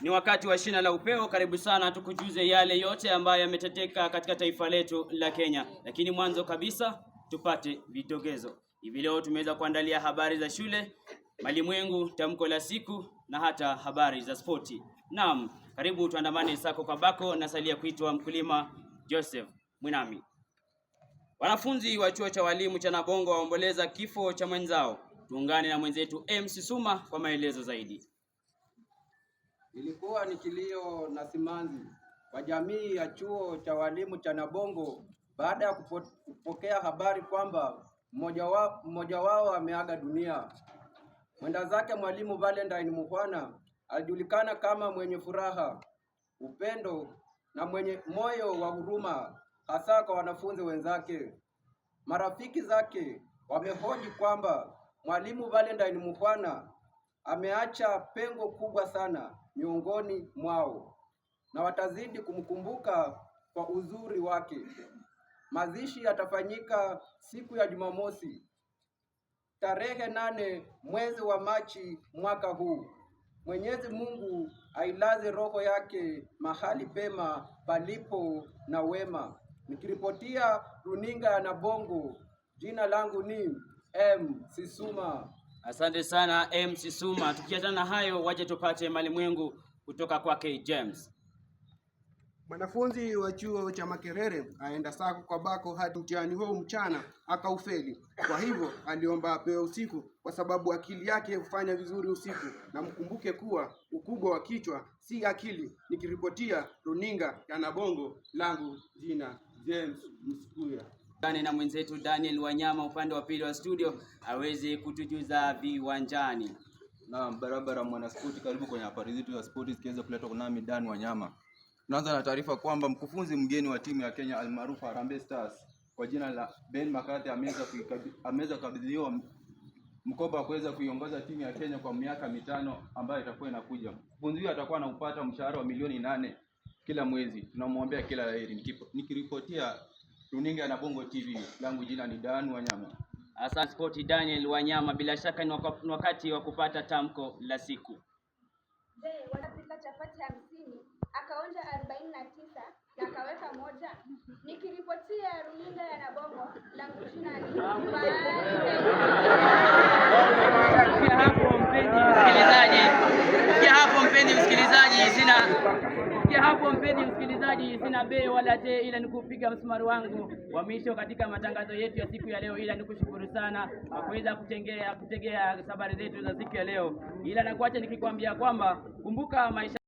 Ni wakati wa shina la upeo. Karibu sana tukujuze yale yote ambayo yameteteka katika taifa letu la Kenya, lakini mwanzo kabisa tupate vidokezo. Hivi leo tumeweza kuandalia habari za shule, malimwengu, tamko la siku na hata habari za spoti. Naam, karibu tuandamane sako kwa bako. Nasalia kuitwa mkulima Joseph Mwinami. Wanafunzi wa chuo cha walimu cha Nabongo waomboleza kifo cha mwenzao. Tuungane na mwenzetu MC Suma kwa maelezo zaidi. Ilikuwa ni kilio na simanzi kwa jamii ya chuo cha walimu cha Nabongo baada ya kupo, kupokea habari kwamba mmoja wa, mmoja wao ameaga dunia. Mwenda zake mwalimu Valentine Mukhwana alijulikana kama mwenye furaha, upendo na mwenye moyo wa huruma, hasa kwa wanafunzi wenzake. Marafiki zake wamehoji kwamba mwalimu Valentine Mukhwana ameacha pengo kubwa sana miongoni mwao na watazidi kumkumbuka kwa uzuri wake. Mazishi yatafanyika siku ya Jumamosi tarehe nane mwezi wa Machi mwaka huu. Mwenyezi Mungu ailaze roho yake mahali pema palipo na wema. Nikiripotia runinga ya Nabongo, jina langu ni M Sisuma. Asante sana MC Suma. Tukiachana na hayo, waje tupate malimwengu kutoka kwake James. Mwanafunzi wa chuo cha Makerere aenda sako kwa bako hadi mtihani huo mchana akaufeli. Kwa hivyo aliomba apewe usiku, kwa sababu akili yake hufanya vizuri usiku, na mkumbuke kuwa ukubwa wa kichwa si akili. Nikiripotia runinga ya Nabongo, langu jina James Msuya gane na mwenzetu Daniel Wanyama upande wa pili wa studio aweze kutujuza viwanjani. Naam, barabara mwanaspoti, karibu kwenye habari zetu za spoti zikiweza kuletwa nami Dan Wanyama. Tunaanza na taarifa kwamba mkufunzi mgeni wa timu ya Kenya almaarufu Harambee Stars kwa jina la Ben McCarthy ameweza kukabidhiwa mkoba wa kuweza kuiongoza timu ya Kenya kwa miaka mitano ambayo itakuwa inakuja. Mkufunzi huyo atakuwa anaupata mshahara wa milioni nane kila mwezi. Tunamwombea kila laheri. Nikiripotia Runinga na Bongo TV. Langu jina ni Dan Wanyama. Asante Spoti Daniel Wanyama, bila shaka ni wakati wa kupata tamko la siku. Je, wanapika chapati hamsini akaonja arobaini na tisa na akaweka moja. Nikiripotia runinga ya Nabongo, langu jina ni Ombeni msikilizaji, sina bei wala te, ila nikupiga msumari wangu wa mwisho katika matangazo yetu ya siku ya leo, ila nikushukuru sana kwa kuweza kutegea safari zetu za siku ya leo, ila nakuacha nikikwambia kwamba kumbuka maisha